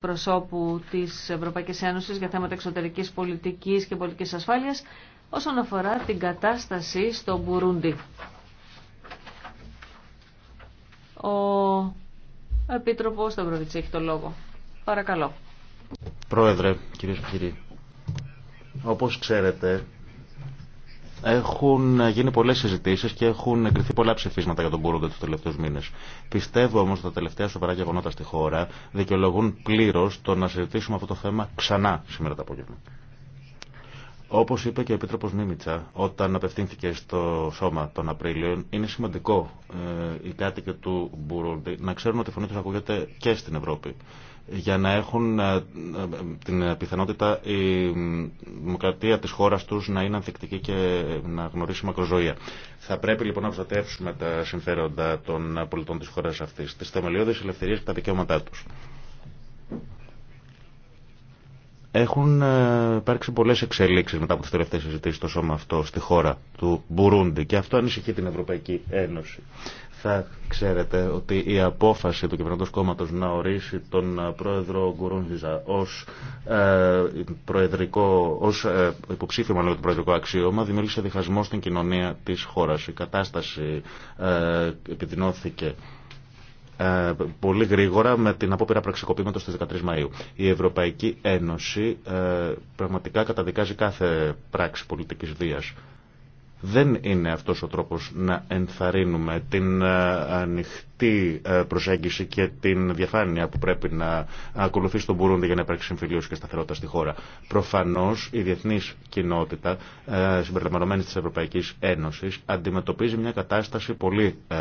προσώπου της Ευρωπαϊκής Ένωσης για θέματα εξωτερικής πολιτικής και πολιτικής ασφάλειας όσον αφορά την κατάσταση στο Μπουρούντι. Ο Επίτροπος Σταυροβιτς έχει το λόγο. Παρακαλώ. Πρόεδρε, κύριε και κύριοι, όπως ξέρετε, έχουν γίνει πολλέ συζητήσει και έχουν εγκριθεί πολλά ψηφίσματα για τον Μπούροντα του τελευταίου μήνε. Πιστεύω όμω ότι τα τελευταία σοβαρά γεγονότα στη χώρα δικαιολογούν πλήρω το να συζητήσουμε αυτό το θέμα ξανά σήμερα το απόγευμα. Όπω είπε και ο Επίτροπο Μίμητσα όταν απευθύνθηκε στο Σώμα τον Απρίλιο, είναι σημαντικό ε, οι κάτοικοι του Μπουρούντι να ξέρουν ότι η φωνή του ακούγεται και στην Ευρώπη για να έχουν ε, ε, την πιθανότητα η δημοκρατία της χώρας τους να είναι ανθεκτική και να γνωρίσει μακροζωία. Θα πρέπει λοιπόν να προστατεύσουμε τα συμφέροντα των πολιτών της χώρας αυτής, τις θεμελιώδεις ελευθερίες και τα δικαιώματά τους. Έχουν ε, υπάρξει πολλέ εξελίξει μετά από τι τελευταίε συζητήσει στο σώμα αυτό στη χώρα του Μπουρούντι και αυτό ανησυχεί την Ευρωπαϊκή Ένωση. Θα ξέρετε ότι η απόφαση του κυβερνητικού κόμματο να ορίσει τον ε, πρόεδρο Γκουρούνζιζα ω ε, ως, ε, υποψήφιο του το προεδρικό αξίωμα δημιούργησε διχασμό στην κοινωνία τη χώρα. Η κατάσταση ε, επιδεινώθηκε ε, πολύ γρήγορα με την απόπειρα πραξικοπήματος στις 13 Μαΐου. Η Ευρωπαϊκή Ένωση ε, πραγματικά καταδικάζει κάθε πράξη πολιτικής βίας. Δεν είναι αυτός ο τρόπος να ενθαρρύνουμε την ε, ανοιχτή τη ε, προσέγγιση και την διαφάνεια που πρέπει να ακολουθεί στον Μπουρούντι για να υπάρξει συμφιλίωση και σταθερότητα στη χώρα. Προφανώ η διεθνή κοινότητα, ε, συμπεριλαμβανομένη τη Ευρωπαϊκή Ένωση, αντιμετωπίζει μια κατάσταση πολύ ε,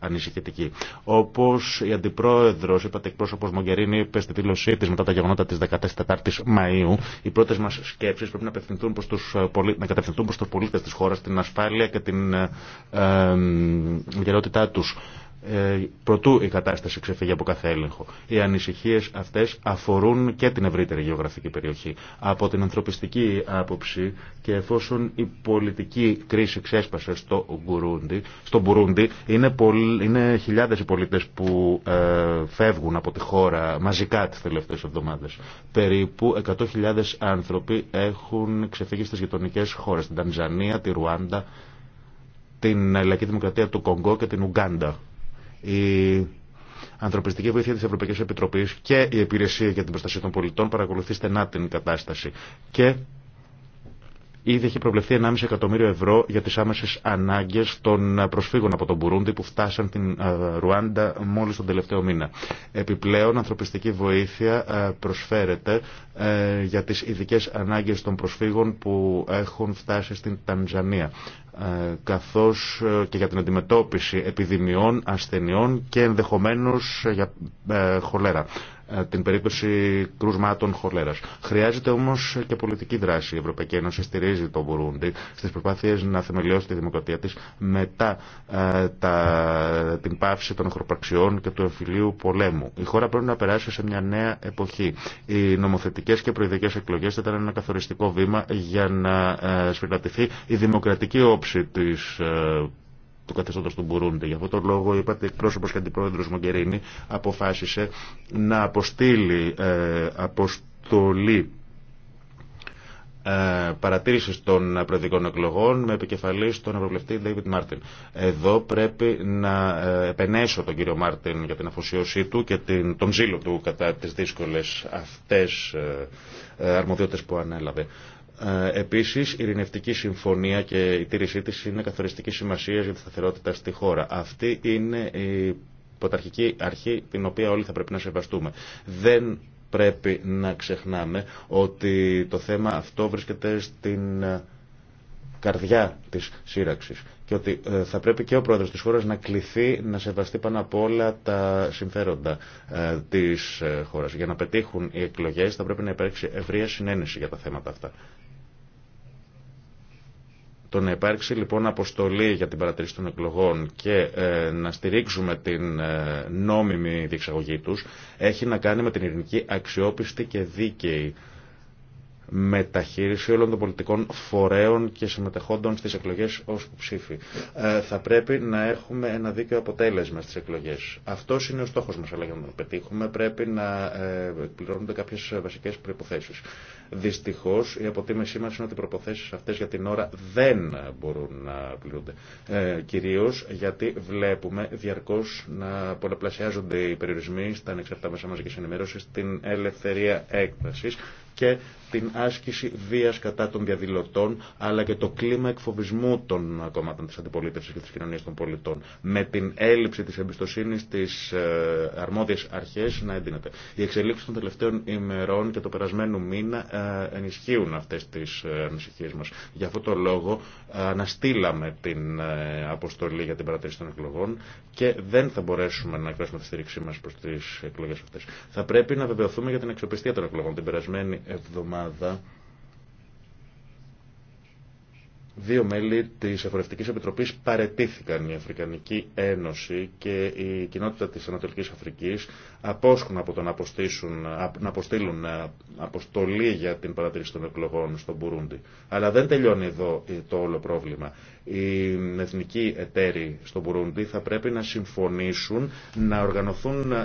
ανησυχητική. Όπω η αντιπρόεδρο, είπατε εκπρόσωπο Μογκερίνη, είπε στη δήλωσή τη μετά τα γεγονότα τη 14η Μαου, οι πρώτε μα σκέψει πρέπει να, προς τους, να κατευθυνθούν προ του πολίτε τη χώρα, την ασφάλεια και την ε, του ε, προτού η κατάσταση ξεφύγει από κάθε έλεγχο. Οι ανησυχίε αυτέ αφορούν και την ευρύτερη γεωγραφική περιοχή. Από την ανθρωπιστική άποψη και εφόσον η πολιτική κρίση ξέσπασε στο Μπουρούντι, στο Μπουρούντι είναι, είναι χιλιάδε οι πολίτε που ε, φεύγουν από τη χώρα μαζικά τι τελευταίε εβδομάδε. Περίπου 100.000 άνθρωποι έχουν ξεφύγει στι γειτονικέ χώρε, την Τανζανία, τη Ρουάντα, την Λαϊκή Δημοκρατία του Κονγκό και την Ουγκάντα. Η ανθρωπιστική βοήθεια της Ευρωπαϊκής Επιτροπής και η Υπηρεσία για την Προστασία των Πολιτών παρακολουθεί στενά την κατάσταση και Ήδη έχει προβλεφθεί 1,5 εκατομμύριο ευρώ για τις άμεσες ανάγκες των προσφύγων από τον Μπουρούντι που φτάσαν την Ρουάντα μόλις τον τελευταίο μήνα. Επιπλέον, ανθρωπιστική βοήθεια προσφέρεται ε, για τις ειδικέ ανάγκες των προσφύγων που έχουν φτάσει στην Τανζανία ε, καθώς ε, και για την αντιμετώπιση επιδημιών, ασθενειών και ενδεχομένως για χολέρα. Ε, την περίπτωση κρούσματων χολέρας. Χρειάζεται όμως και πολιτική δράση. Η Ευρωπαϊκή Ένωση στηρίζει τον Μπουρούντι στις προσπάθειες να θεμελιώσει τη δημοκρατία της μετά ε, τα, την πάυση των χροπαξιών και του εμφυλίου πολέμου. Η χώρα πρέπει να περάσει σε μια νέα εποχή. Οι νομοθετικές και προειδικές εκλογές ήταν ένα καθοριστικό βήμα για να ε, η δημοκρατική όψη της ε, του καθεστώτο του Μπουρούντι. Γι' αυτόν τον λόγο, είπατε, εκπρόσωπο και αντιπρόεδρο Μογκερίνη αποφάσισε να αποστείλει ε, αποστολή ε, παρατήρησης των προεδρικών εκλογών με επικεφαλή τον Ευρωβουλευτή David Μάρτιν. Εδώ πρέπει να ε, επενέσω τον κύριο Μάρτιν για την αφοσίωσή του και την, τον ζήλο του κατά τις δύσκολες αυτές αρμοδιότητες που ανέλαβε. Ε, Επίση, η ειρηνευτική συμφωνία και η τήρησή τη είναι καθοριστική σημασία για τη σταθερότητα στη χώρα. Αυτή είναι η πρωταρχική αρχή την οποία όλοι θα πρέπει να σεβαστούμε. Δεν πρέπει να ξεχνάμε ότι το θέμα αυτό βρίσκεται στην ε, καρδιά της σύραξης και ότι ε, θα πρέπει και ο πρόεδρος της χώρας να κληθεί να σεβαστεί πάνω από όλα τα συμφέροντα της χώρας. Για να πετύχουν οι εκλογές θα πρέπει να υπάρξει ευρεία συνένεση για τα θέματα αυτά. Το να υπάρξει λοιπόν αποστολή για την παρατηρήση των εκλογών και ε, να στηρίξουμε την ε, νόμιμη διεξαγωγή τους έχει να κάνει με την ειρηνική αξιόπιστη και δίκαιη μεταχείριση όλων των πολιτικών φορέων και συμμετεχόντων στις εκλογές ως ψήφοι. Ε, θα πρέπει να έχουμε ένα δίκαιο αποτέλεσμα στις εκλογές. Αυτό είναι ο στόχος μας, αλλά για να το πετύχουμε πρέπει να ε, πληρώνονται κάποιες βασικές προϋποθέσεις. Δυστυχώς η αποτίμησή μας είναι ότι οι προϋποθέσεις αυτές για την ώρα δεν μπορούν να πληρούνται. Ε, κυρίως γιατί βλέπουμε διαρκώς να πολλαπλασιάζονται οι περιορισμοί στα ανεξαρτά μέσα μαζικής ενημέρωσης, στην ελευθερία έκφρασης και την άσκηση βίας κατά των διαδηλωτών, αλλά και το κλίμα εκφοβισμού των κομμάτων της αντιπολίτευσης και της κοινωνίας των πολιτών, με την έλλειψη της εμπιστοσύνης στις ε, αρμόδιες αρχές να εντείνεται. Οι εξελίξει των τελευταίων ημερών και το περασμένου μήνα ε, ενισχύουν αυτές τις ε, ανησυχίες μας. Για αυτό το λόγο αναστήλαμε την αποστολή για την παρατήρηση των εκλογών και δεν θα μπορέσουμε να εκφράσουμε τη στήριξή μας προς τις εκλογές αυτές. Θα πρέπει να βεβαιωθούμε για την αξιοπιστία των εκλογών την περασμένη εβδομάδα Ελλάδα Δύο μέλη της Εφορευτικής Επιτροπής παρετήθηκαν η Αφρικανική Ένωση και η κοινότητα της Ανατολικής Αφρικής απόσχουν από το να, αποστήσουν, να αποστείλουν ε, αποστολή για την παρατήρηση των εκλογών στον Μπουρούντι. Αλλά δεν τελειώνει εδώ το όλο πρόβλημα. Οι εθνικοί εταίροι στον Μπουρούντι θα πρέπει να συμφωνήσουν να οργανωθούν ε,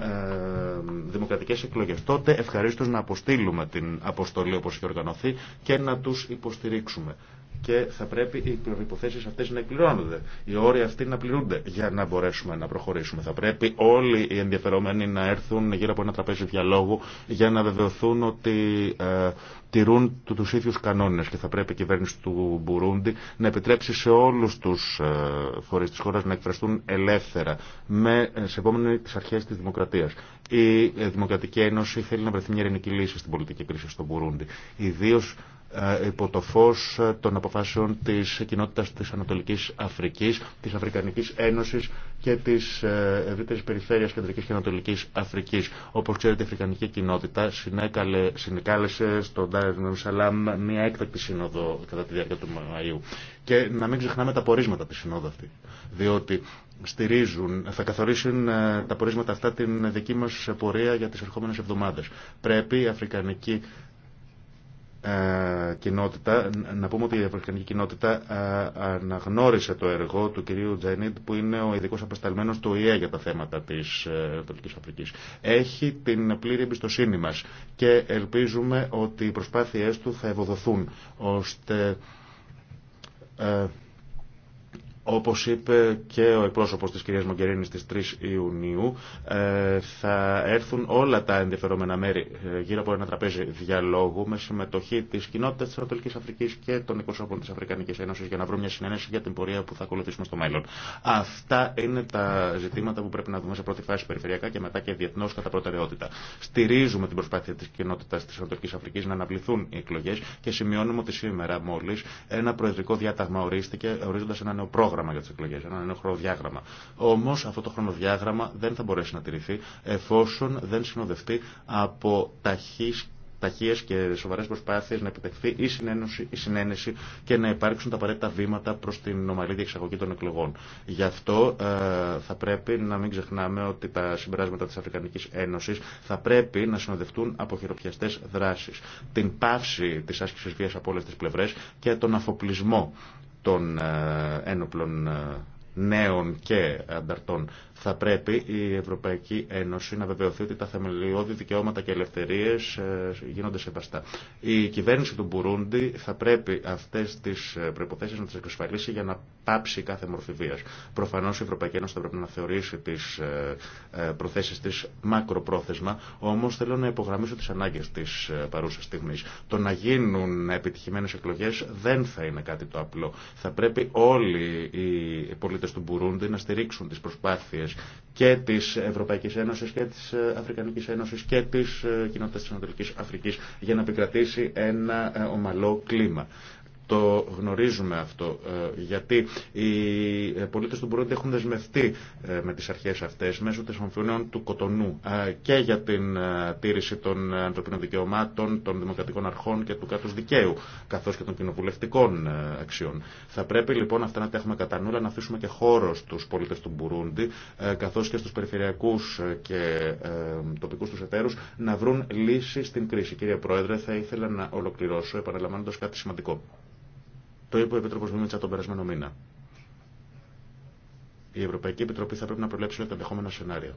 δημοκρατικές εκλογές. Τότε ευχαρίστως να αποστείλουμε την αποστολή όπως έχει οργανωθεί και να τους υποστηρίξουμε και θα πρέπει οι προποθέσει αυτέ να εκπληρώνονται. Οι όροι αυτοί να πληρούνται για να μπορέσουμε να προχωρήσουμε. Θα πρέπει όλοι οι ενδιαφερόμενοι να έρθουν γύρω από ένα τραπέζι διαλόγου για να βεβαιωθούν ότι ε, τηρούν του ίδιου κανόνε και θα πρέπει η κυβέρνηση του Μπουρούντι να επιτρέψει σε όλου του ε, φορεί τη χώρα να εκφραστούν ελεύθερα με επόμενη τι αρχέ τη δημοκρατία. Η ε, Δημοκρατική Ένωση θέλει να βρεθεί μια ειρηνική λύση στην πολιτική κρίση στο Μπουρούντι. Ε, υπό το φως ε, των αποφάσεων της κοινότητας της Ανατολικής Αφρικής, της Αφρικανικής Ένωσης και της ε, ευρύτερης περιφέρειας Κεντρικής και Ανατολικής Αφρικής. Όπως ξέρετε η Αφρικανική κοινότητα συνέκαλε, συνεκάλεσε στον Ντάρεν Σαλάμ μια έκτακτη σύνοδο κατά τη διάρκεια του Μαΐου. Και να μην ξεχνάμε τα πορίσματα της σύνοδο αυτή. Διότι στηρίζουν, θα καθορίσουν τα πορίσματα αυτά την δική μας πορεία για τις ερχόμενες εβδομάδες. Πρέπει η Αφρικανική ε, κοινότητα, να πούμε ότι η Αφρικανική κοινότητα ε, αναγνώρισε το έργο του κυρίου Τζένιντ που είναι ο ειδικό απεσταλμένος του ΟΗΕ για τα θέματα της ε, Ανατολικής Αφρικής. Έχει την πλήρη εμπιστοσύνη μας και ελπίζουμε ότι οι προσπάθειές του θα ευοδοθούν ώστε όπως είπε και ο εκπρόσωπος της κυρίας Μογκερίνη στις 3 Ιουνίου, ε, θα έρθουν όλα τα ενδιαφερόμενα μέρη ε, γύρω από ένα τραπέζι διαλόγου με συμμετοχή της κοινότητας της Ανατολικής Αφρικής και των εκπροσώπων της Αφρικανικής Ένωσης για να βρούμε μια συνένεση για την πορεία που θα ακολουθήσουμε στο μέλλον. Αυτά είναι τα ζητήματα που πρέπει να δούμε σε πρώτη φάση περιφερειακά και μετά και διεθνώς κατά προτεραιότητα. Στηρίζουμε την προσπάθεια της κοινότητας της Ανατολικής Αφρικής να αναπληθούν οι εκλογές και σημειώνουμε ότι σήμερα μόλις ένα προεδρικό διάταγμα ορίστηκε ορίζοντας ένα νέο πρόγραμμα πρόγραμμα για τι εκλογέ, ένα νέο χρονοδιάγραμμα. Όμω αυτό το χρονοδιάγραμμα δεν θα μπορέσει να τηρηθεί εφόσον δεν συνοδευτεί από ταχύ και σοβαρέ προσπάθειε να επιτευχθεί η, συνένωση, η συνένεση και να υπάρξουν τα απαραίτητα βήματα προ την ομαλή διεξαγωγή των εκλογών. Γι' αυτό ε, θα πρέπει να μην ξεχνάμε ότι τα συμπεράσματα τη Αφρικανική Ένωση θα πρέπει να συνοδευτούν από χειροπιαστέ δράσει. Την πάυση τη άσκηση βία από όλε τι πλευρέ και τον αφοπλισμό των ε, ένοπλων ε, νέων και ανταρτών. Θα πρέπει η Ευρωπαϊκή Ένωση να βεβαιωθεί ότι τα θεμελιώδη δικαιώματα και ελευθερίε ε, γίνονται σεβαστά. Η κυβέρνηση του Μπουρούντι θα πρέπει αυτέ τι ε, προποθέσει να τι εξασφαλίσει για να πάψει κάθε μορφή βία. Προφανώ η Ευρωπαϊκή Ένωση θα πρέπει να θεωρήσει τι ε, προθέσει τη μακροπρόθεσμα, όμω θέλω να υπογραμμίσω τι ανάγκε τη παρούσα στιγμή. Το να γίνουν επιτυχημένε εκλογέ δεν θα είναι κάτι το απλό. Θα πρέπει όλοι οι πολίτε πολίτες του Μπουρούντι να στηρίξουν τις προσπάθειες και της Ευρωπαϊκής Ένωσης και της ε, Αφρικανικής Ένωσης και της ε, κοινότητας της Ανατολικής Αφρικής για να επικρατήσει ένα ε, ομαλό κλίμα. Το γνωρίζουμε αυτό, ε, γιατί οι ε, πολίτες του Μπουρούντι έχουν δεσμευτεί ε, με τις αρχές αυτές μέσω των συμφωνιών του Κοτονού και για την τήρηση των ανθρωπίνων δικαιωμάτων, των δημοκρατικών αρχών και του κράτους δικαίου, καθώς και των κοινοβουλευτικών αξιών. Θα πρέπει λοιπόν αυτά να τα έχουμε κατά νου, να αφήσουμε και χώρο στους πολίτες του Μπουρούντι, καθώς και στους περιφερειακούς και τοπικούς τους εταίρους, να βρουν λύση στην κρίση. Κύριε Πρόεδρε, θα ήθελα να ολοκληρώσω επαναλαμβάνοντα κάτι σημαντικό. Το είπε ο Επίτροπο Μίμητσα τον περασμένο μήνα. Η Ευρωπαϊκή Επιτροπή θα πρέπει να προβλέψει όλα τα ενδεχόμενα σενάρια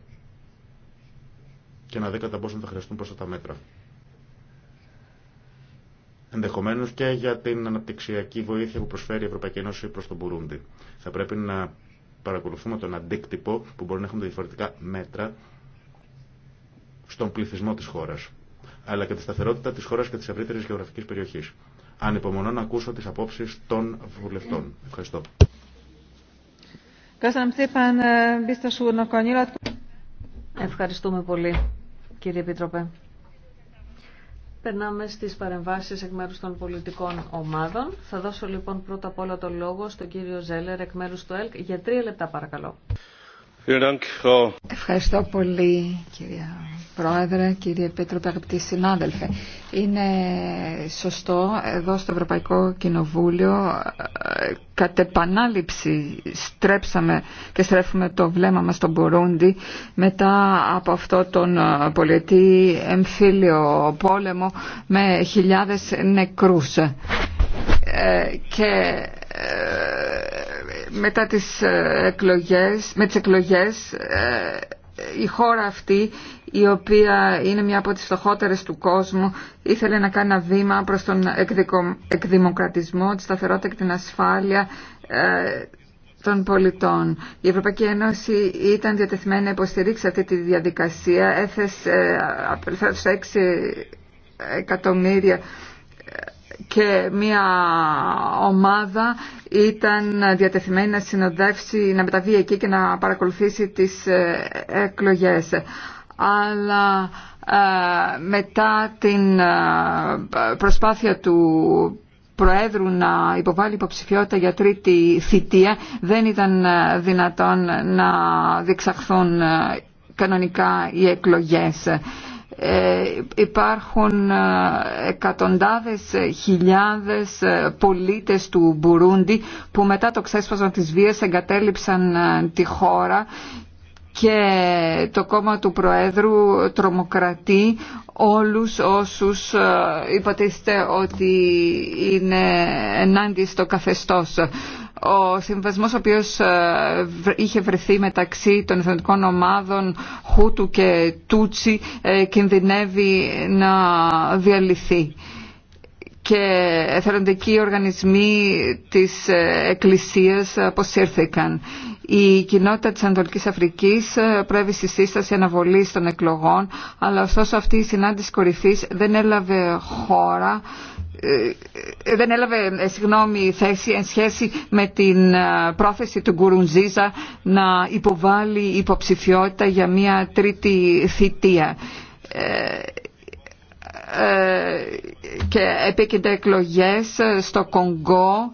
και να δει κατά πόσο θα χρειαστούν τα μέτρα. Ενδεχομένω και για την αναπτυξιακή βοήθεια που προσφέρει η Ευρωπαϊκή Ένωση προ τον Μπουρούντι. Θα πρέπει να παρακολουθούμε τον αντίκτυπο που μπορεί να έχουν διαφορετικά μέτρα στον πληθυσμό τη χώρα, αλλά και τη σταθερότητα τη χώρα και τη ευρύτερη γεωγραφική περιοχή. Ανυπομονώ να ακούσω τις απόψεις των βουλευτών. Ευχαριστώ. Eh, Ευχαριστούμε πολύ, κύριε Επίτροπε. Περνάμε στις παρεμβάσεις εκ μέρους των πολιτικών ομάδων. Θα δώσω λοιπόν πρώτα απ' όλα το λόγο στον κύριο Ζέλερ εκ μέρους του ΕΛΚ για τρία λεπτά παρακαλώ. Ευχαριστώ πολύ κύριε Πρόεδρε, κύριε Πέτρο, αγαπητοί συνάδελφοι. Είναι σωστό εδώ στο Ευρωπαϊκό Κοινοβούλιο ε, κατ' επανάληψη στρέψαμε και στρέφουμε το βλέμμα μας στον Μπορούντι μετά από αυτό τον ε, πολιτή εμφύλιο πόλεμο με χιλιάδες νεκρούς. Ε, και μετά τις ε, εκλογές, με τις εκλογές ε, η χώρα αυτή η οποία είναι μια από τις φτωχότερες του κόσμου ήθελε να κάνει ένα βήμα προς τον εκδημοκρατισμό, τη σταθερότητα και την ασφάλεια ε, των πολιτών. Η Ευρωπαϊκή Ένωση ήταν διατεθειμένη να υποστηρίξει αυτή τη διαδικασία, έθεσε απελευθέρωση 6 εκατομμύρια και μια ομάδα ήταν διατεθειμένη να συνοδεύσει, να μεταβεί εκεί και να παρακολουθήσει τις ε, εκλογές. Αλλά ε, μετά την ε, προσπάθεια του Προέδρου να υποβάλει υποψηφιότητα για τρίτη θητεία δεν ήταν δυνατόν να διεξαχθούν κανονικά οι εκλογές. Ε, υπάρχουν ε, εκατοντάδες ε, χιλιάδες πολίτες του Μπουρούντι που μετά το ξέσπασμα της βίας εγκατέλειψαν τη χώρα και το κόμμα του Προέδρου τρομοκρατεί όλους όσους ε, υποτίθεται ότι είναι ενάντια στο καθεστώς. Ο συμβασμός ο οποίος ε, είχε βρεθεί μεταξύ των εθνικών ομάδων Χούτου και Τούτσι ε, κινδυνεύει να διαλυθεί και εθελοντικοί οργανισμοί της Εκκλησίας αποσύρθηκαν. Η κοινότητα της Ανατολικής Αφρικής ε, πρέπει στη σύσταση αναβολής των εκλογών, αλλά ωστόσο αυτή η συνάντηση κορυφής δεν έλαβε χώρα ε, ε, δεν έλαβε συγγνώμη θέση εν σχέση με την πρόθεση του Γκουρουνζίζα να υποβάλει υποψηφιότητα για μια τρίτη θητεία και επίκενται εκλογές στο Κονγκό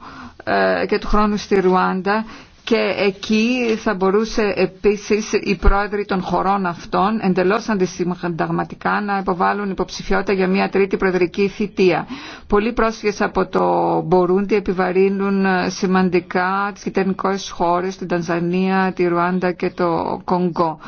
και του χρόνου στη Ρουάντα και εκεί θα μπορούσε επίσης οι πρόεδροι των χωρών αυτών εντελώς αντισυνταγματικά να υποβάλουν υποψηφιότητα για μια τρίτη προεδρική θητεία. Πολλοί πρόσφυγες από το Μπορούντι επιβαρύνουν σημαντικά τις κυτερνικέ χώρες, την Τανζανία, τη Ρουάντα και το Κονγκό.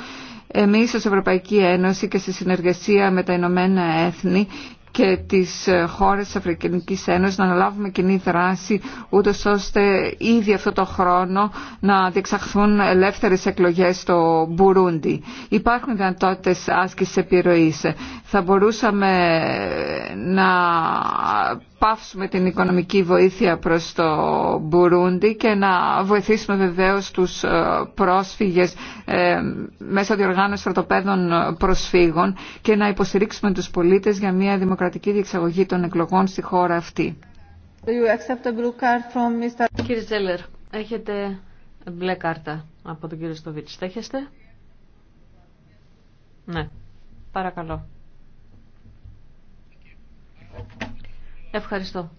Εμείς ως Ευρωπαϊκή Ένωση και στη συνεργασία με τα Ηνωμένα Έθνη και τις ε, χώρες της Αφρικανικής Ένωσης να αναλάβουμε κοινή δράση ούτω ώστε ήδη αυτό το χρόνο να διεξαχθούν ελεύθερες εκλογές στο Μπουρούντι. Υπάρχουν δυνατότητε άσκησης επιρροής. Θα μπορούσαμε να πάυσουμε την οικονομική βοήθεια προς το Μπουρούντι και να βοηθήσουμε βεβαίως τους ε, πρόσφυγες ε, μέσω διοργάνωσης στρατοπέδων προσφύγων και να υποστηρίξουμε τους πολίτες για μια δημοκρατική διεξαγωγή των εκλογών στη χώρα αυτή. Κύριε έχετε μπλε κάρτα από τον κύριο Στοβίτς. Στέχεστε. Ναι. Παρακαλώ. Ευχαριστώ.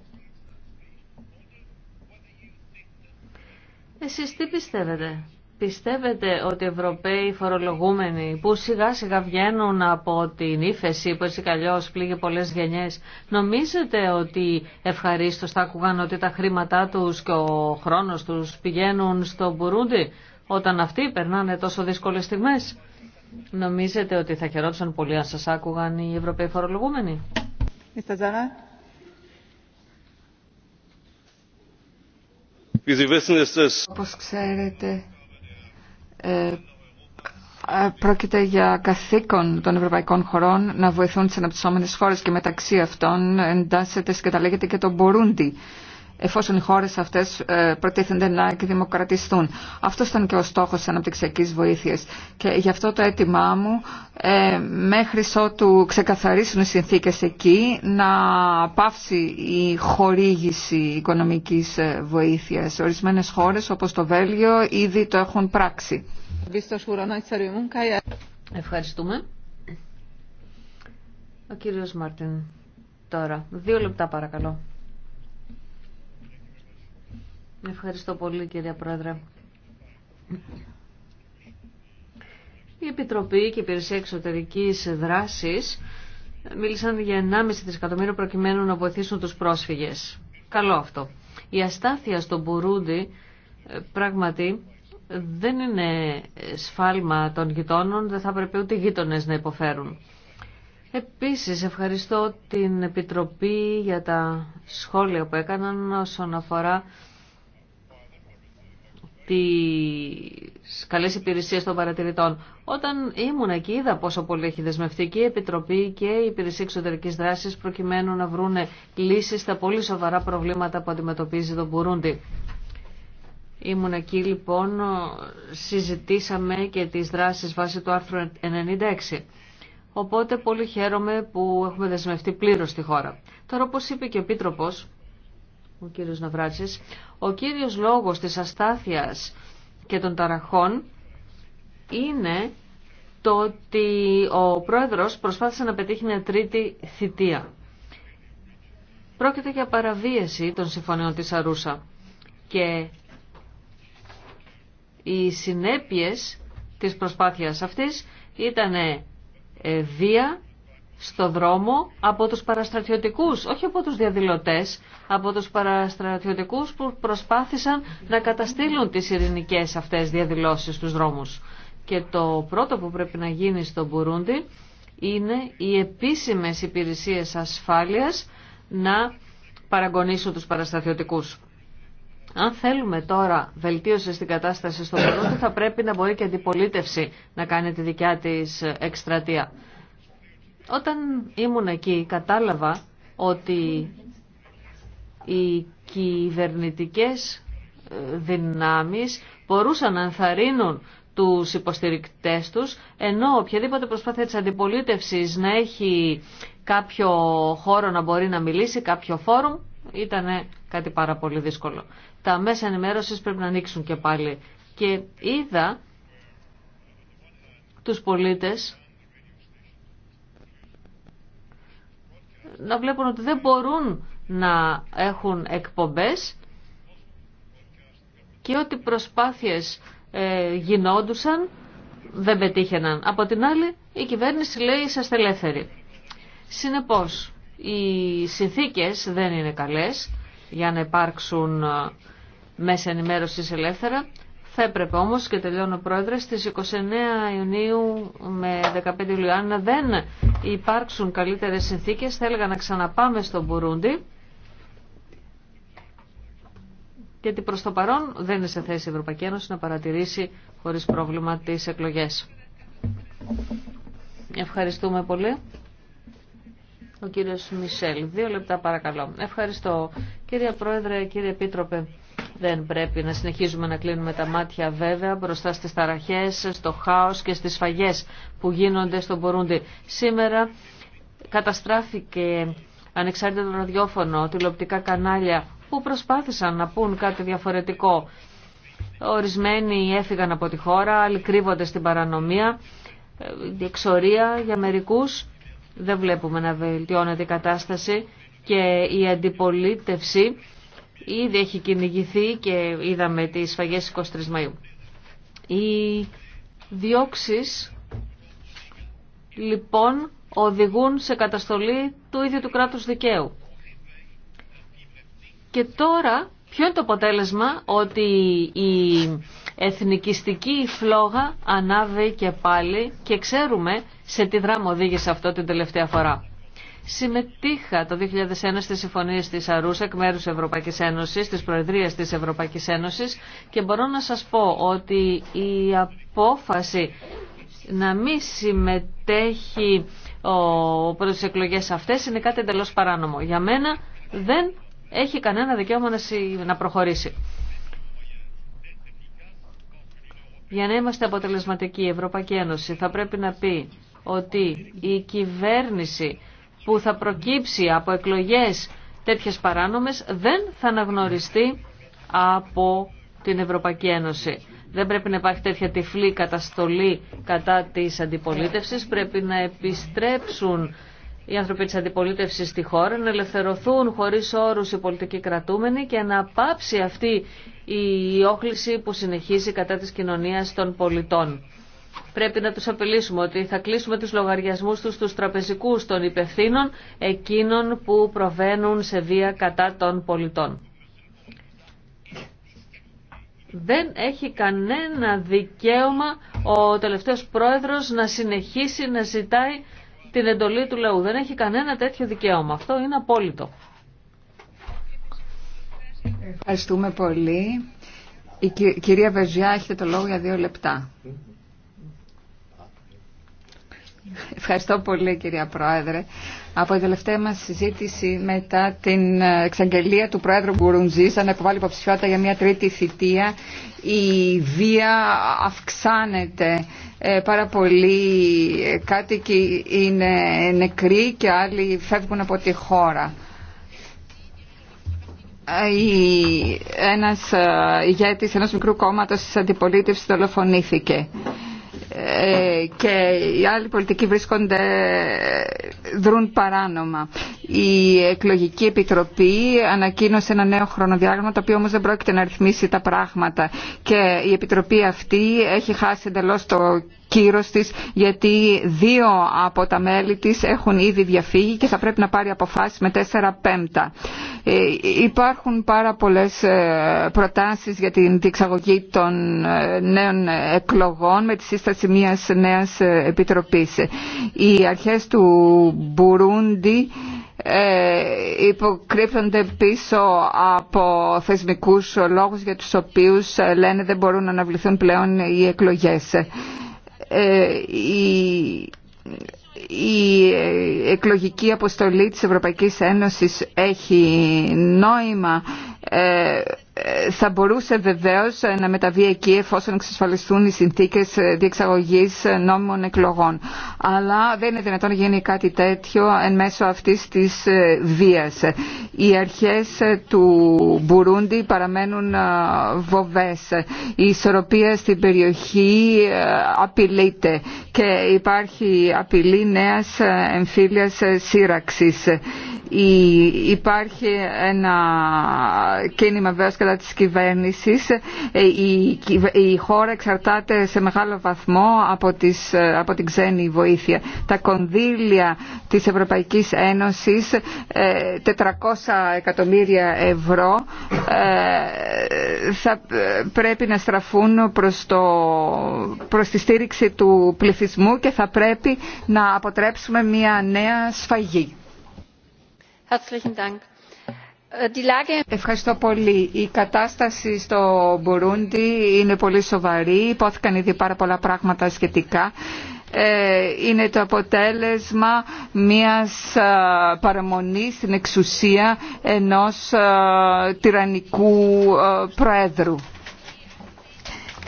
Εσείς τι πιστεύετε. Πιστεύετε ότι οι Ευρωπαίοι φορολογούμενοι που σιγά σιγά βγαίνουν από την ύφεση που έτσι καλλιώς πλήγει πολλές γενιές νομίζετε ότι ευχαρίστως θα άκουγαν ότι τα χρήματά τους και ο χρόνος τους πηγαίνουν στο Μπουρούντι όταν αυτοί περνάνε τόσο δύσκολε στιγμέ. Νομίζετε ότι θα χαιρόντουσαν πολύ αν σα άκουγαν οι Ευρωπαίοι φορολογούμενοι. Όπως ξέρετε, ε, ε, πρόκειται για καθήκον των ευρωπαϊκών χωρών να βοηθούν τι αναπτυσσόμενε χώρες και μεταξύ αυτών εντάσσεται, λέγεται και το Μπορούντι εφόσον οι χώρες αυτές ε, προτίθενται να εκδημοκρατιστούν. Αυτό ήταν και ο στόχος της αναπτυξιακής βοήθειας και γι' αυτό το αίτημά μου ε, μέχρι ότου ξεκαθαρίσουν οι συνθήκες εκεί να πάυσει η χορήγηση οικονομικής ε, βοήθειας. Ορισμένες χώρες όπως το Βέλγιο ήδη το έχουν πράξει. Ευχαριστούμε. Ο κύριος Μάρτιν τώρα. Δύο λεπτά παρακαλώ. Ευχαριστώ πολύ κυρία Πρόεδρε. Η Επιτροπή και η Υπηρεσία Εξωτερικής Δράσης μίλησαν για 1,5 δισεκατομμύριο προκειμένου να βοηθήσουν τους πρόσφυγες. Καλό αυτό. Η αστάθεια στο Μπουρούντι ε, πράγματι δεν είναι σφάλμα των γειτόνων, δεν θα πρέπει ούτε οι γείτονες να υποφέρουν. Επίσης ευχαριστώ την Επιτροπή για τα σχόλια που έκαναν όσον αφορά τις καλές υπηρεσίες των παρατηρητών. Όταν ήμουν εκεί είδα πόσο πολύ έχει δεσμευτεί και η Επιτροπή και η Υπηρεσία Εξωτερικής Δράσης προκειμένου να βρούνε λύσεις στα πολύ σοβαρά προβλήματα που αντιμετωπίζει τον Μπουρούντι. Ήμουν εκεί λοιπόν, συζητήσαμε και τις δράσεις βάσει του άρθρου 96. Οπότε πολύ χαίρομαι που έχουμε δεσμευτεί πλήρως στη χώρα. Τώρα όπως είπε και ο Πίτροπος, ο κύριος Ναυράτσης, ο κύριος λόγος της αστάθειας και των ταραχών είναι το ότι ο πρόεδρος προσπάθησε να πετύχει μια τρίτη θητεία. Πρόκειται για παραβίαση των συμφωνιών της Αρούσα και οι συνέπειες της προσπάθειας αυτής ήταν ε, βία στο δρόμο από τους παραστρατιωτικούς, όχι από τους διαδηλωτές, από τους παραστρατιωτικούς που προσπάθησαν να καταστήλουν τις ειρηνικές αυτές διαδηλώσεις στους δρόμους. Και το πρώτο που πρέπει να γίνει στο Μπουρούντι είναι οι επίσημες υπηρεσίες ασφάλειας να παραγωνίσουν τους παραστρατιωτικούς. Αν θέλουμε τώρα βελτίωση στην κατάσταση στο Μπουρούντι θα πρέπει να μπορεί και αντιπολίτευση να κάνει τη δικιά της εκστρατεία. Όταν ήμουν εκεί κατάλαβα ότι οι κυβερνητικές ε, δυνάμεις μπορούσαν να ενθαρρύνουν τους υποστηρικτές τους, ενώ οποιαδήποτε προσπάθεια της αντιπολίτευσης να έχει κάποιο χώρο να μπορεί να μιλήσει, κάποιο φόρουμ, ήταν κάτι πάρα πολύ δύσκολο. Τα μέσα ενημέρωσης πρέπει να ανοίξουν και πάλι. Και είδα τους πολίτες να βλέπουν ότι δεν μπορούν να έχουν εκπομπές και ότι προσπάθειες ε, γινόντουσαν δεν πετύχαιναν. Από την άλλη η κυβέρνηση λέει είσαστε ελεύθεροι. Συνεπώς οι συνθήκες δεν είναι καλές για να υπάρξουν ε, μέσα ενημέρωσης ελεύθερα θα έπρεπε όμως, και τελειώνω πρόεδρε, στις 29 Ιουνίου με 15 Ιουλίου, αν δεν υπάρξουν καλύτερες συνθήκες, θα έλεγα να ξαναπάμε στον Μπουρούντι, γιατί προς το παρόν δεν είναι σε θέση η Ευρωπαϊκή Ένωση να παρατηρήσει χωρίς πρόβλημα τις εκλογές. Ευχαριστούμε πολύ. Ο κύριος Μισελ. Δύο λεπτά παρακαλώ. Ευχαριστώ. Κύριε Πρόεδρε, κύριε Επίτροπε. Δεν πρέπει να συνεχίζουμε να κλείνουμε τα μάτια βέβαια μπροστά στις ταραχές, στο χάος και στις φαγές που γίνονται στον Μπορούντι. Σήμερα καταστράφηκε ανεξάρτητα το ραδιόφωνο, τηλεοπτικά κανάλια που προσπάθησαν να πούν κάτι διαφορετικό. Ορισμένοι έφυγαν από τη χώρα, άλλοι κρύβονται στην παρανομία, διεξορία για μερικούς. Δεν βλέπουμε να βελτιώνεται η κατάσταση και η αντιπολίτευση Ήδη έχει κυνηγηθεί και είδαμε τις σφαγές 23 Μαΐου. Οι διώξεις λοιπόν οδηγούν σε καταστολή του ίδιου του κράτους δικαίου. Και τώρα ποιο είναι το αποτέλεσμα ότι η εθνικιστική φλόγα ανάβει και πάλι και ξέρουμε σε τι δράμα οδήγησε αυτό την τελευταία φορά. Συμμετείχα το 2001 στις συμφωνίες της Αρούς εκ μέρους Ευρωπαϊκής Ένωσης, της Προεδρίας της Ευρωπαϊκής Ένωσης και μπορώ να σας πω ότι η απόφαση να μην συμμετέχει ο πρώτος εκλογές αυτές είναι κάτι εντελώς παράνομο. Για μένα δεν έχει κανένα δικαίωμα να προχωρήσει. Για να είμαστε αποτελεσματικοί, η Ευρωπαϊκή Ένωση θα πρέπει να πει ότι η κυβέρνηση που θα προκύψει από εκλογές τέτοιες παράνομες δεν θα αναγνωριστεί από την Ευρωπαϊκή Ένωση. Δεν πρέπει να υπάρχει τέτοια τυφλή καταστολή κατά της αντιπολίτευσης. Πρέπει να επιστρέψουν οι άνθρωποι της αντιπολίτευσης στη χώρα, να ελευθερωθούν χωρίς όρους οι πολιτικοί κρατούμενοι και να πάψει αυτή η όχληση που συνεχίζει κατά της κοινωνίας των πολιτών πρέπει να τους απειλήσουμε ότι θα κλείσουμε τους λογαριασμούς τους στους τραπεζικούς των υπευθύνων, εκείνων που προβαίνουν σε βία κατά των πολιτών. Δεν έχει κανένα δικαίωμα ο τελευταίος πρόεδρος να συνεχίσει να ζητάει την εντολή του λαού. Δεν έχει κανένα τέτοιο δικαίωμα. Αυτό είναι απόλυτο. Ευχαριστούμε πολύ. Η κυρία Βεζιά έχετε το λόγο για δύο λεπτά. Ευχαριστώ πολύ κυρία Πρόεδρε. Από η τελευταία μας συζήτηση μετά την εξαγγελία του Πρόεδρου Γκουρουνζής να υποβάλει υποψηφιότητα για μια τρίτη θητεία η βία αυξάνεται ε, πάρα πολύ. Ε, κάτοικοι είναι νεκροί και άλλοι φεύγουν από τη χώρα ε, ένας ηγέτης ενός μικρού κόμματος της αντιπολίτευσης δολοφονήθηκε και οι άλλοι πολιτικοί βρίσκονται, δρούν παράνομα. Η εκλογική επιτροπή ανακοίνωσε ένα νέο χρονοδιάγραμμα το οποίο όμως δεν πρόκειται να ρυθμίσει τα πράγματα και η επιτροπή αυτή έχει χάσει εντελώς το κύρος της γιατί δύο από τα μέλη της έχουν ήδη διαφύγει και θα πρέπει να πάρει αποφάσεις με τέσσερα πέμπτα. Ε, υπάρχουν πάρα πολλές ε, προτάσεις για την διεξαγωγή των ε, νέων εκλογών με τη σύσταση μιας νέας επιτροπής. Οι αρχές του Μπουρούντι ε, υποκρύπτονται πίσω από θεσμικούς λόγους για τους οποίους λένε δεν μπορούν να αναβληθούν πλέον οι εκλογές. Ε, η ε, εκλογική αποστολή της Ευρωπαϊκής Ένωσης έχει νόημα ε, θα μπορούσε βεβαίως να μεταβεί εκεί εφόσον εξασφαλιστούν οι συνθήκες διεξαγωγής νόμιμων εκλογών. Αλλά δεν είναι δυνατόν να γίνει κάτι τέτοιο εν μέσω αυτής της ε, βίας. Οι αρχές ε, του Μπουρούντι παραμένουν ε, βοβές. Η ισορροπία στην περιοχή απειλείται και υπάρχει απειλή νέας εμφύλιας σύραξης υπάρχει ένα κίνημα βέβαια κατά της κυβέρνησης. Ε, η, χώρα εξαρτάται σε μεγάλο βαθμό από, τις, ε, από την ξένη βοήθεια. Τα κονδύλια της Ευρωπαϊκής Ένωσης, 400 ε, εκατομμύρια ευρώ, θα πρέπει να στραφούν προς, το, προς τη στήριξη του πληθυσμού και θα πρέπει να αποτρέψουμε μια νέα σφαγή. Äh, Ευχαριστώ πολύ. Η κατάσταση στο Μπουρούντι είναι πολύ σοβαρή. Υπόθηκαν ήδη πάρα πολλά πράγματα σχετικά. Ε, είναι το αποτέλεσμα μιας ε, παραμονής στην εξουσία ενός ε, τυραννικού προέδρου.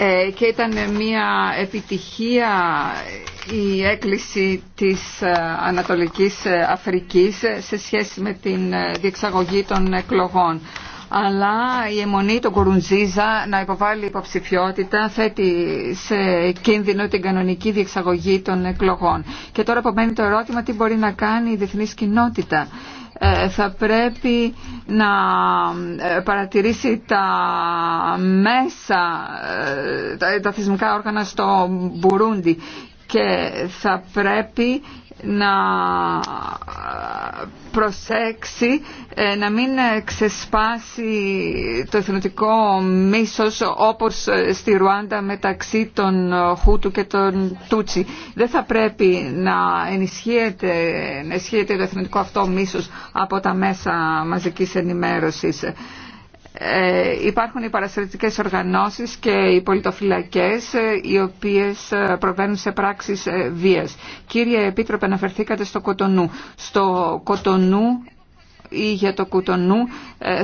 Ε, και ήταν μια επιτυχία η έκκληση της ε, Ανατολικής ε, Αφρικής σε σχέση με την διεξαγωγή των εκλογών. Αλλά η αιμονή του Κουρουντζίζα να υποβάλει υποψηφιότητα θέτει σε κίνδυνο την κανονική διεξαγωγή των εκλογών. Και τώρα απομένει το ερώτημα τι μπορεί να κάνει η διεθνής κοινότητα ε, θα πρέπει να ε, παρατηρήσει τα μέσα, ε, τα θεσμικά όργανα στο Μπουρούντι και θα πρέπει να ε, προσέξει ε, να μην ξεσπάσει το εθνοτικό μίσος όπως ε, στη Ρουάντα μεταξύ των Χούτου και των Τούτσι. Δεν θα πρέπει να ενισχύεται, να το εθνοτικό αυτό μίσος από τα μέσα μαζικής ενημέρωσης. Ε, υπάρχουν οι παραστρατικές οργανώσεις και οι πολιτοφυλακές ε, οι οποίες ε, προβαίνουν σε πράξεις βίας. Κύριε Επίτροπε, αναφερθήκατε στο Κοτονού. Στο Κοτονού ή για το Κουτονού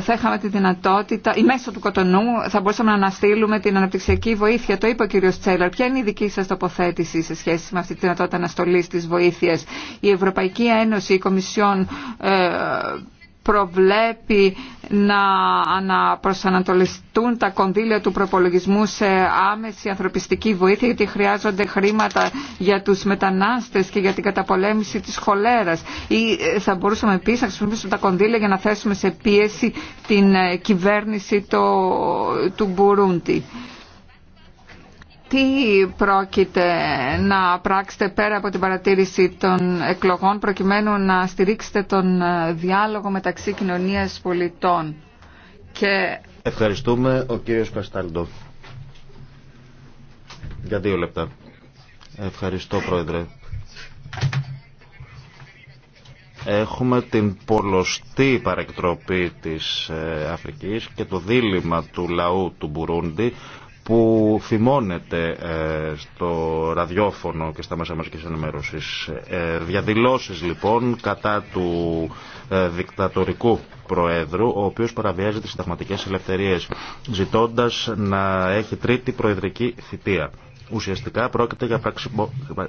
θα είχαμε τη δυνατότητα, ή μέσω του Κοτονού θα μπορούσαμε να αναστείλουμε την αναπτυξιακή βοήθεια. Το είπε ο κυριο τσελλαρ Ποια είναι η δική σα τοποθέτηση σε σχέση με αυτή τη δυνατότητα αναστολή τη βοήθεια. Η Ευρωπαϊκή Ένωση, η Κομισιόν προβλέπει να προσανατολιστούν τα κονδύλια του προπολογισμού σε άμεση ανθρωπιστική βοήθεια γιατί χρειάζονται χρήματα για τους μετανάστες και για την καταπολέμηση της χολέρας ή ε, θα μπορούσαμε επίσης να χρησιμοποιήσουμε τα κονδύλια για να θέσουμε σε πίεση την ε, κυβέρνηση το, του Μπουρούντι τι πρόκειται να πράξετε πέρα από την παρατήρηση των εκλογών προκειμένου να στηρίξετε τον ε, διάλογο μεταξύ κοινωνίας πολιτών. Και... Ευχαριστούμε ο κύριος Καστάλντο. Για δύο λεπτά. Ευχαριστώ πρόεδρε. Έχουμε την πολλωστή παρεκτροπή της ε, Αφρικής και το δίλημα του λαού του Μπουρούντι που θυμώνεται ε, στο ραδιόφωνο και στα μέσα μαζικής ενημέρωσης. Ε, διαδηλώσεις λοιπόν κατά του ε, δικτατορικού Προέδρου, ο οποίος παραβιάζει τις συνταγματικές ελευθερίες, ζητώντας να έχει τρίτη προεδρική θητεία. Ουσιαστικά πρόκειται για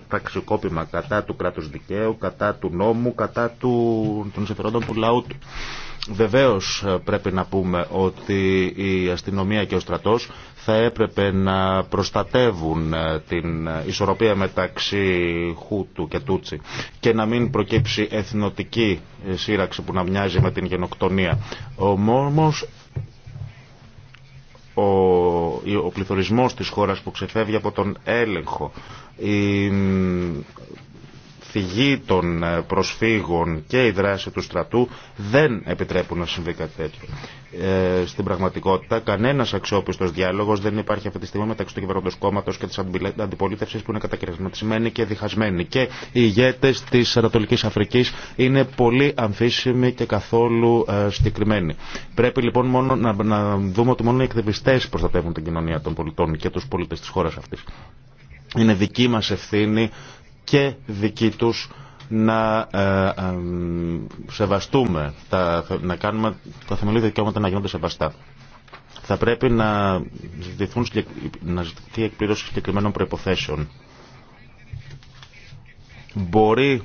πραξικόπημα κατά του κράτους δικαίου, κατά του νόμου, κατά του, των συμφερόντων του λαού του. Βεβαίως πρέπει να πούμε ότι η αστυνομία και ο στρατός θα έπρεπε να προστατεύουν ε, την ε, ισορροπία μεταξύ Χούτου και Τούτσι και να μην προκύψει εθνοτική ε, σύραξη που να μοιάζει με την γενοκτονία. Όμως ο, ο πληθωρισμός της χώρας που ξεφεύγει από τον έλεγχο, φυγή των ε, προσφύγων και η δράση του στρατού δεν επιτρέπουν να συμβεί κάτι τέτοιο. Ε, στην πραγματικότητα, κανένα αξιόπιστο διάλογο δεν υπάρχει αυτή τη στιγμή μεταξύ του κυβερνώντο κόμματο και τη αντιπολίτευση που είναι κατακαιρματισμένη και διχασμένη. Και οι ηγέτε τη Ανατολική Αφρική είναι πολύ αμφίσιμοι και καθόλου ε, συγκεκριμένοι. Πρέπει λοιπόν μόνο να, να δούμε ότι μόνο οι εκτεβιστέ προστατεύουν την κοινωνία των πολιτών και του πολίτε τη χώρα αυτή. Είναι δική μα ευθύνη και δικοί τους να ε, σεβαστούμε, να κάνουμε τα θεμελή δικαιώματα να γίνονται σεβαστά. Θα πρέπει να, ζητηθούν, να ζητηθεί εκπλήρωση συγκεκριμένων προϋποθέσεων. Μπορεί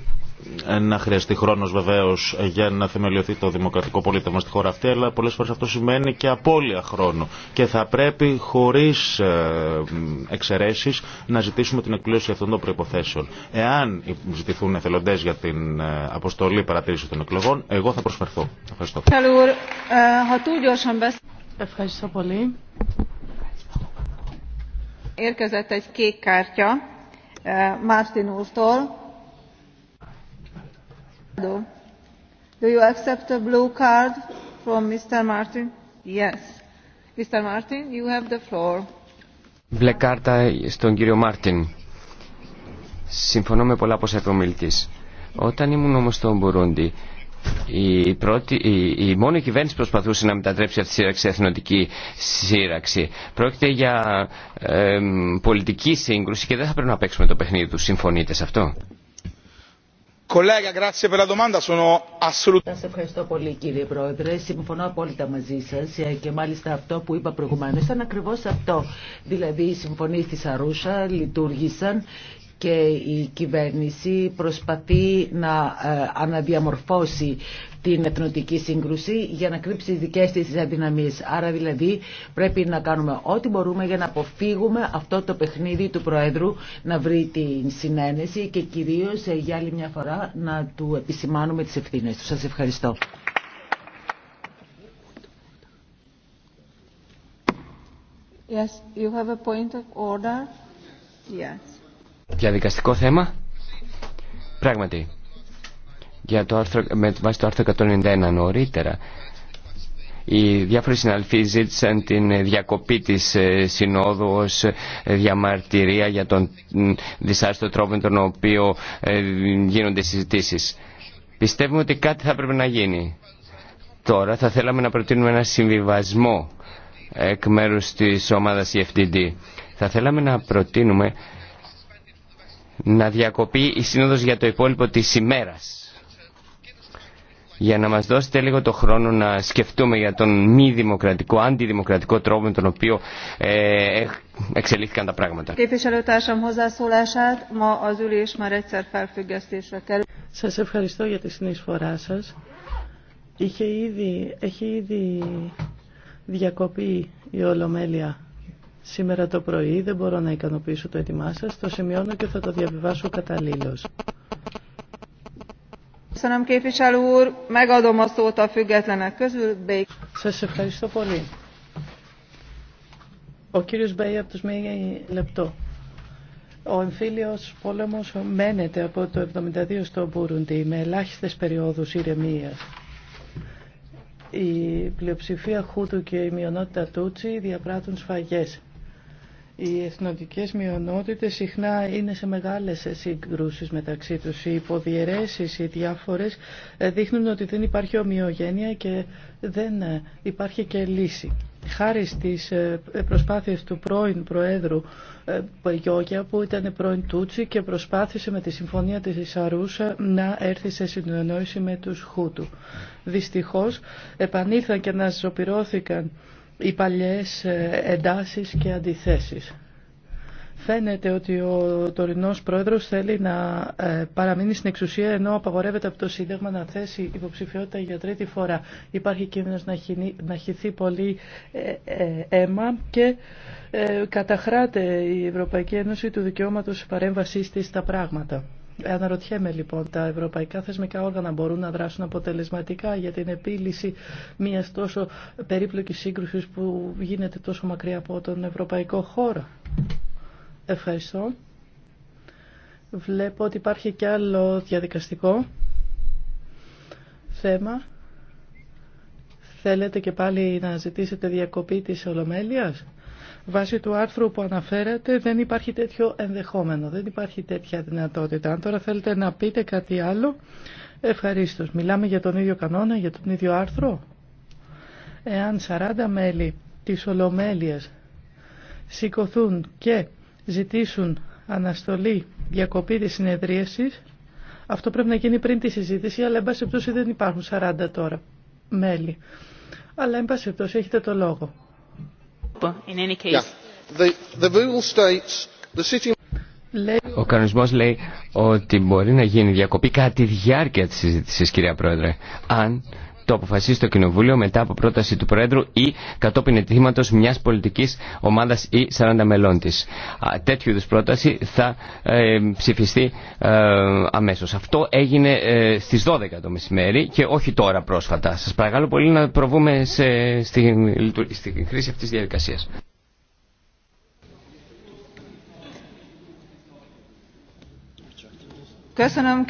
να χρειαστεί χρόνος βεβαίως για να θεμελιωθεί το δημοκρατικό πολίτευμα στη χώρα αυτή, αλλά πολλές φορές αυτό σημαίνει και απώλεια χρόνου. Και θα πρέπει χωρίς ε, εξαιρέσεις να ζητήσουμε την εκπλήρωση αυτών των προϋποθέσεων. Εάν ζητηθούν εθελοντές για την ε, αποστολή παρατήρηση των εκλογών, εγώ θα προσφερθώ. Ευχαριστώ. Ευχαριστώ ε, πολύ. Do Μπλε κάρτα στον κύριο Μάρτιν. Συμφωνώ με πολλά από όσα Όταν ήμουν όμως στον Μπουρούντι, η, πρώτη, η, μόνη κυβέρνηση προσπαθούσε να μετατρέψει αυτή τη σύραξη σε εθνοτική σύραξη. Πρόκειται για πολιτική σύγκρουση και δεν θα πρέπει να παίξουμε το παιχνίδι του. Συμφωνείτε σε αυτό. Σα ευχαριστώ πολύ κύριε Πρόεδρε. Συμφωνώ απόλυτα μαζί σα, ε, και μάλιστα αυτό που είπα προηγουμένω, ήταν ακριβώ αυτό. Δηλαδή οι συμφωνίε τη Αρούσα λειτουργήσαν και η κυβέρνηση προσπαθεί να ε, αναδιαμορφώσει την εθνοτική σύγκρουση για να κρύψει τις δικές της αδυναμίες. Άρα δηλαδή πρέπει να κάνουμε ό,τι μπορούμε για να αποφύγουμε αυτό το παιχνίδι του Προέδρου να βρει την συνένεση και κυρίως ε, για άλλη μια φορά να του επισημάνουμε τις ευθύνες του. Σας ευχαριστώ. Yes, you have a point of order. Yes. Διαδικαστικό θέμα, πράγματι, για το άρθρο, με βάση το άρθρο 191 νωρίτερα. Οι διάφοροι συναλφοί ζήτησαν την διακοπή της ε, Συνόδου ως ε, διαμαρτυρία για τον δυσάρεστο τρόπο με τον οποίο ε, γίνονται συζητήσεις. Πιστεύουμε ότι κάτι θα πρέπει να γίνει. Τώρα θα θέλαμε να προτείνουμε ένα συμβιβασμό εκ μέρους της ομάδας EFTD. Θα θέλαμε να προτείνουμε να διακοπεί η Σύνοδος για το υπόλοιπο της ημέρας για να μας δώσετε λίγο το χρόνο να σκεφτούμε για τον μη δημοκρατικό, αντιδημοκρατικό τρόπο με τον οποίο ε, ε εξελίχθηκαν τα πράγματα. Σας ευχαριστώ για τη συνεισφορά σας. Είχε ήδη, έχει ήδη διακοπεί η Ολομέλεια σήμερα το πρωί. Δεν μπορώ να ικανοποιήσω το έτοιμά σας. Το σημειώνω και θα το διαβιβάσω καταλήλως. Σα ευχαριστώ πολύ. Ο κύριο Μπέι από τους λεπτό. Ο εμφύλιο Πόλεμο μένεται από το 1972 στο Μπουρουντί με ελάχιστε περιόδου ηρεμία. Η πλειοψηφία Χούτου και η μειονότητα Τούτσι διαπράττουν σφαγέ. Οι εθνοτικές μειονότητες συχνά είναι σε μεγάλες συγκρούσεις μεταξύ τους. Οι υποδιαιρέσεις, οι διάφορες ε, δείχνουν ότι δεν υπάρχει ομοιογένεια και δεν ε, υπάρχει και λύση. Χάρη στις ε, προσπάθειες του πρώην Προέδρου Γιώγια, που ήταν πρώην Τούτσι και προσπάθησε με τη συμφωνία της Ισαρούσα να έρθει σε συνεννόηση με τους Χούτου. Δυστυχώς επανήλθαν και να ζωπηρώθηκαν οι παλιές ε, εντάσεις και αντιθέσεις. Φαίνεται ότι ο τωρινός πρόεδρος θέλει να ε, παραμείνει στην εξουσία ενώ απαγορεύεται από το Σύνταγμα να θέσει υποψηφιότητα για τρίτη φορά. Υπάρχει κίνδυνος να χυθεί πολύ ε, αίμα και καταχράται η Ευρωπαϊκή Ένωση του δικαιώματος παρέμβασής της στα πράγματα. Αναρωτιέμαι λοιπόν, τα ευρωπαϊκά θεσμικά όργανα μπορούν να δράσουν αποτελεσματικά για την επίλυση μιας τόσο περίπλοκης σύγκρουσης που γίνεται τόσο μακριά από τον ευρωπαϊκό χώρο. Ευχαριστώ. Βλέπω ότι υπάρχει και άλλο διαδικαστικό θέμα. Θέλετε και πάλι να ζητήσετε διακοπή της Ολομέλειας. Βάσει του άρθρου που αναφέρατε δεν υπάρχει τέτοιο ενδεχόμενο, δεν υπάρχει τέτοια δυνατότητα. Αν τώρα θέλετε να πείτε κάτι άλλο, ευχαρίστως. Μιλάμε για τον ίδιο κανόνα, για τον ίδιο άρθρο. Εάν 40 μέλη της Ολομέλειας σηκωθούν και ζητήσουν αναστολή διακοπή της συνεδρίασης, αυτό πρέπει να γίνει πριν τη συζήτηση, αλλά εν δεν υπάρχουν 40 τώρα μέλη. Αλλά εν έχετε το λόγο. Ο κανονισμός λέει ότι μπορεί να γίνει διακοπή κατά τη διάρκεια της συζήτησης, κυρία Πρόεδρε, αν το αποφασίσει το Κοινοβούλιο μετά από πρόταση του Πρόεδρου ή κατόπιν ετήματος μιας πολιτικής ομάδας ή 40 μελών τη. Τέτοιου είδου πρόταση θα ε, ψηφιστεί ε, αμέσως. Αυτό έγινε ε, στις 12 το μεσημέρι και όχι τώρα πρόσφατα. Σας παρακαλώ πολύ να προβούμε στην, στη χρήση αυτής τη διαδικασίας. Köszönöm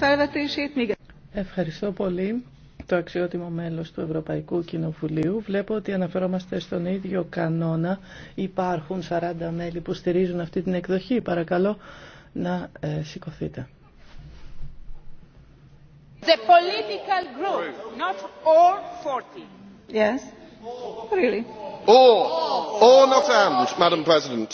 felvetését. Ευχαριστώ πολύ το αξιότιμο μέλος του Ευρωπαϊκού Κοινοβουλίου. Βλέπω ότι αναφερόμαστε στον ίδιο κανόνα. Υπάρχουν 40 μέλη που στηρίζουν αυτή την εκδοχή. Παρακαλώ να ε, σηκωθείτε. The political group, not all 40. Yes, really. all not and, Madam President.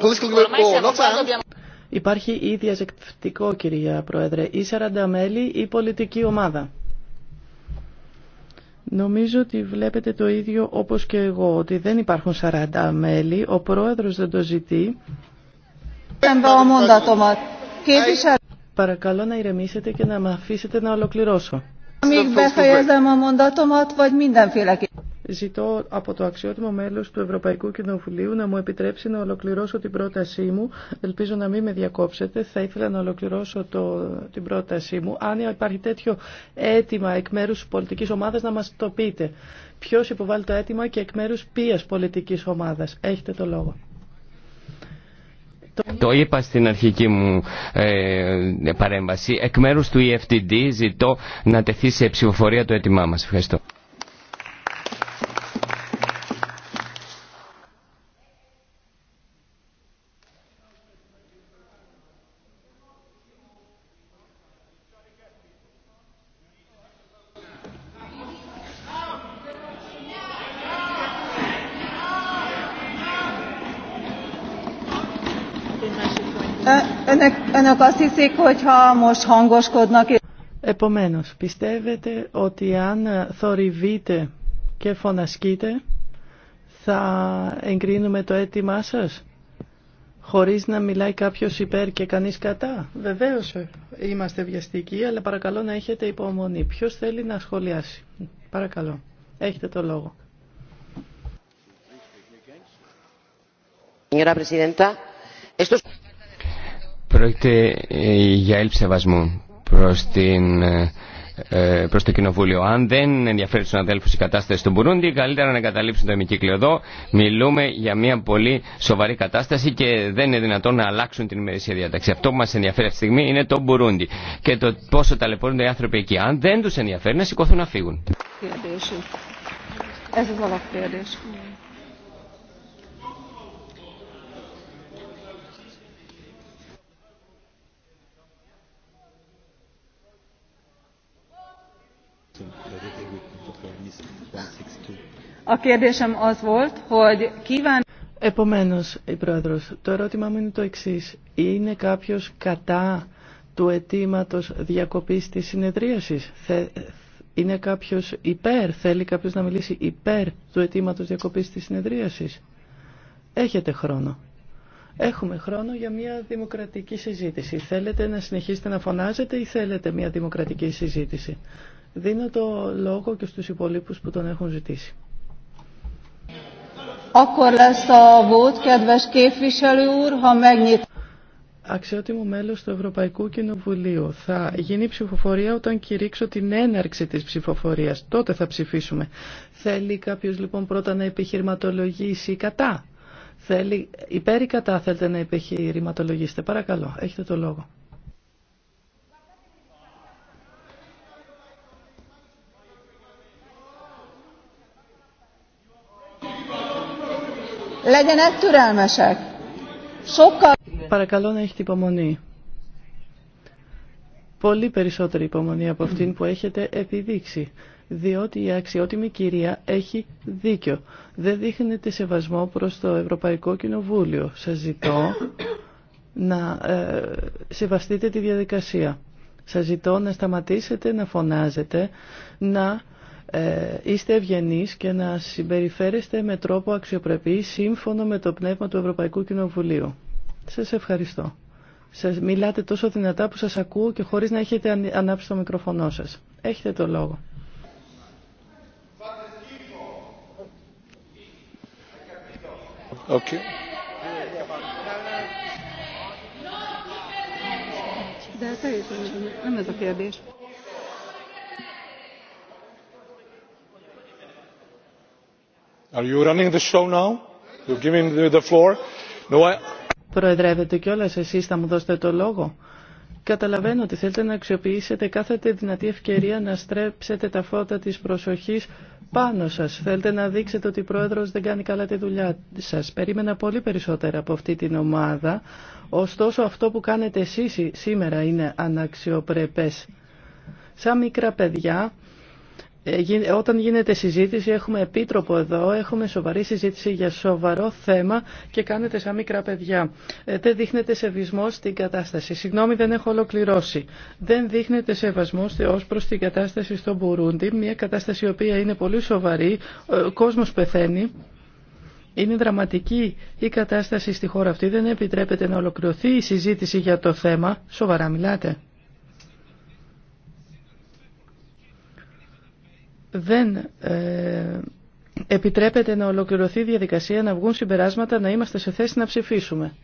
political group, all, not and. Υπάρχει ή διαζεκτικό, κυρία Πρόεδρε, ή 40 μέλη ή πολιτική ομάδα. Νομίζω ότι βλέπετε το ίδιο όπως και εγώ, ότι δεν υπάρχουν 40 μέλη, ο πρόεδρος δεν το ζητεί. Παρακαλώ να ηρεμήσετε και να με αφήσετε να ολοκληρώσω. Ε, ζητώ από το αξιότιμο μέλο του Ευρωπαϊκού Κοινοβουλίου να μου επιτρέψει να ολοκληρώσω την πρότασή μου. Ελπίζω να μην με διακόψετε. Θα ήθελα να ολοκληρώσω την πρότασή μου. Αν υπάρχει τέτοιο αίτημα εκ μέρους πολιτική ομάδα να μα το πείτε. Ποιο υποβάλλει το αίτημα και εκ μέρου ποια πολιτική ομάδα. Έχετε το λόγο. Το είπα στην αρχική μου ε, παρέμβαση. Εκ μέρους του EFTD ζητώ να τεθεί σε ψηφοφορία το αίτημά μας. Ευχαριστώ. Επομένως, πιστεύετε ότι αν θορυβείτε και φωνασκείτε, θα εγκρίνουμε το αίτημά σας, χωρίς να μιλάει κάποιος υπέρ και κανείς κατά. Βεβαίως ε, είμαστε βιαστικοί, αλλά παρακαλώ να έχετε υπομονή. Ποιος θέλει να σχολιάσει. Παρακαλώ, έχετε το λόγο. Πρόκειται ε, για έλλειψη σεβασμού προς, την, ε, ε, προς το Κοινοβούλιο. Αν δεν ενδιαφέρει του αδέλφους η κατάσταση του Μπουρούντι, καλύτερα να εγκαταλείψουν το ημικύκλιο εδώ. Μιλούμε για μια πολύ σοβαρή κατάσταση και δεν είναι δυνατόν να αλλάξουν την ημερησία διάταξη. Αυτό που μας ενδιαφέρει αυτή τη στιγμή είναι το Μπουρούντι και το πόσο ταλαιπωρούνται οι άνθρωποι εκεί. Αν δεν του ενδιαφέρει να σηκωθούν να φύγουν. Επομένω, η Πρόεδρος, το ερώτημά μου είναι το εξής. Είναι κάποιος κατά του αιτήματο διακοπής της συνεδρίασης. Είναι κάποιος υπέρ, θέλει κάποιος να μιλήσει υπέρ του αιτήματο διακοπής της συνεδρίασης. Έχετε χρόνο. Έχουμε χρόνο για μια δημοκρατική συζήτηση. Θέλετε να συνεχίσετε να φωνάζετε ή θέλετε μια δημοκρατική συζήτηση. Δίνω το λόγο και στους υπολείπους που τον έχουν ζητήσει. Αξιότιμο μέλος του Ευρωπαϊκού Κοινοβουλίου. Θα γίνει ψηφοφορία όταν κηρύξω την έναρξη τη ψηφοφορία. Τότε θα ψηφίσουμε. Θέλει κάποιο λοιπόν πρώτα να επιχειρηματολογήσει κατά. Θέλει υπέρ ή κατά θέλετε να επιχειρηματολογήσετε. Παρακαλώ, έχετε το λόγο. Παρακαλώ να έχετε υπομονή. Πολύ περισσότερη υπομονή από αυτήν που έχετε επιδείξει. Διότι η αξιότιμη κυρία έχει δίκιο. Δεν δείχνετε σεβασμό προς το Ευρωπαϊκό Κοινοβούλιο. Σας ζητώ να ε, σεβαστείτε τη διαδικασία. Σας ζητώ να σταματήσετε να φωνάζετε, να ε, είστε ευγενείς και να συμπεριφέρεστε με τρόπο αξιοπρεπή σύμφωνο με το πνεύμα του Ευρωπαϊκού Κοινοβουλίου. Σας ευχαριστώ. Σας μιλάτε τόσο δυνατά που σας ακούω και χωρίς να έχετε ανάψει το μικροφωνό σας. Έχετε το λόγο. Okay. Are you running θα μου δώσετε το λόγο. Καταλαβαίνω ότι θέλετε να αξιοποιήσετε κάθε δυνατή ευκαιρία να στρέψετε τα φώτα της προσοχής πάνω σας. Θέλετε να δείξετε ότι ο Πρόεδρος δεν κάνει καλά τη δουλειά σας. Περίμενα πολύ περισσότερα από αυτή την ομάδα. Ωστόσο αυτό που κάνετε εσείς σήμερα είναι αναξιοπρεπές. Σαν μικρά παιδιά ε, όταν γίνεται συζήτηση, έχουμε επίτροπο εδώ, έχουμε σοβαρή συζήτηση για σοβαρό θέμα και κάνετε σαν μικρά παιδιά. Ε, δεν δείχνετε σεβισμό στην κατάσταση. Συγγνώμη, δεν έχω ολοκληρώσει. Δεν δείχνετε σεβασμό ω προ την κατάσταση στο Μπουρούντι, μια κατάσταση η οποία είναι πολύ σοβαρή. Ε, ο κόσμο πεθαίνει. Είναι δραματική η κατάσταση στη χώρα αυτή. Δεν επιτρέπεται να ολοκληρωθεί η συζήτηση για το θέμα. Σοβαρά μιλάτε. δεν ε, επιτρέπεται να ολοκληρωθεί η διαδικασία, να βγουν συμπεράσματα, να είμαστε σε θέση να ψηφίσουμε.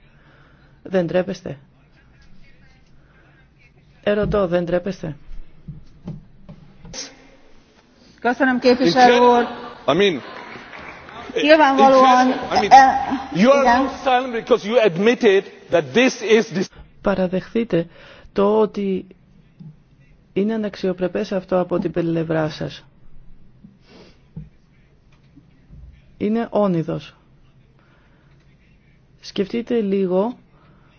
Δεν τρέπεστε. Ερωτώ, δεν τρέπεστε. Παραδεχτείτε Παραδεχθείτε το ότι είναι αναξιοπρεπές αυτό από την περιλευρά σας. είναι όνειδος. Σκεφτείτε λίγο,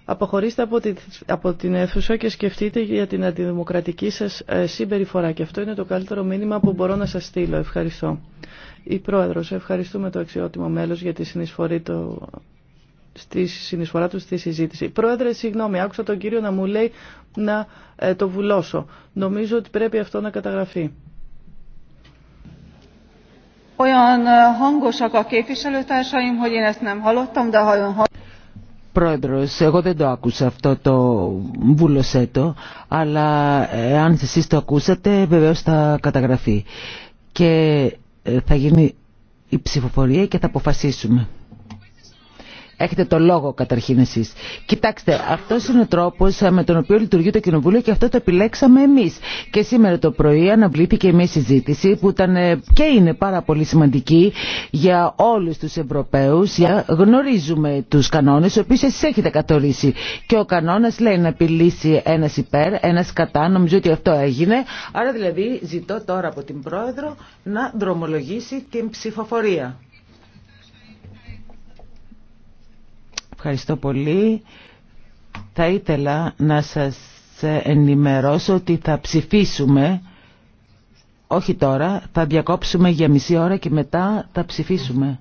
αποχωρήστε από, από την αίθουσα και σκεφτείτε για την αντιδημοκρατική σας ε, συμπεριφορά. Και αυτό είναι το καλύτερο μήνυμα που μπορώ να σας στείλω. Ευχαριστώ. Η Πρόεδρος, ευχαριστούμε το αξιότιμο μέλος για τη συνεισφορή του στη συνεισφορά του στη συζήτηση. Πρόεδρε, συγγνώμη, άκουσα τον κύριο να μου λέει να ε, το βουλώσω. Νομίζω ότι πρέπει αυτό να καταγραφεί. Olyan Πρόεδρος, εγώ δεν το άκουσα αυτό το βουλοσέτο, αλλά ε, αν εσείς το ακούσατε βεβαίως θα καταγραφεί. Και ε, θα γίνει η ψηφοφορία και θα αποφασίσουμε. Έχετε το λόγο καταρχήν εσείς. Κοιτάξτε, αυτός είναι ο τρόπος ε, με τον οποίο λειτουργεί το Κοινοβούλιο και αυτό το επιλέξαμε εμείς. Και σήμερα το πρωί αναβλήθηκε μια συζήτηση που ήταν ε, και είναι πάρα πολύ σημαντική για όλους τους Ευρωπαίους. γνωρίζουμε τους κανόνες, οι οποίους εσείς έχετε καθορίσει. Και ο κανόνας λέει να επιλύσει ένας υπέρ, ένας κατά. Νομίζω ότι αυτό έγινε. Άρα δηλαδή ζητώ τώρα από την Πρόεδρο να δρομολογήσει την ψηφοφορία. Ευχαριστώ πολύ. Θα ήθελα να σας ενημερώσω ότι θα ψηφίσουμε, όχι τώρα, θα διακόψουμε για μισή ώρα και μετά θα ψηφίσουμε.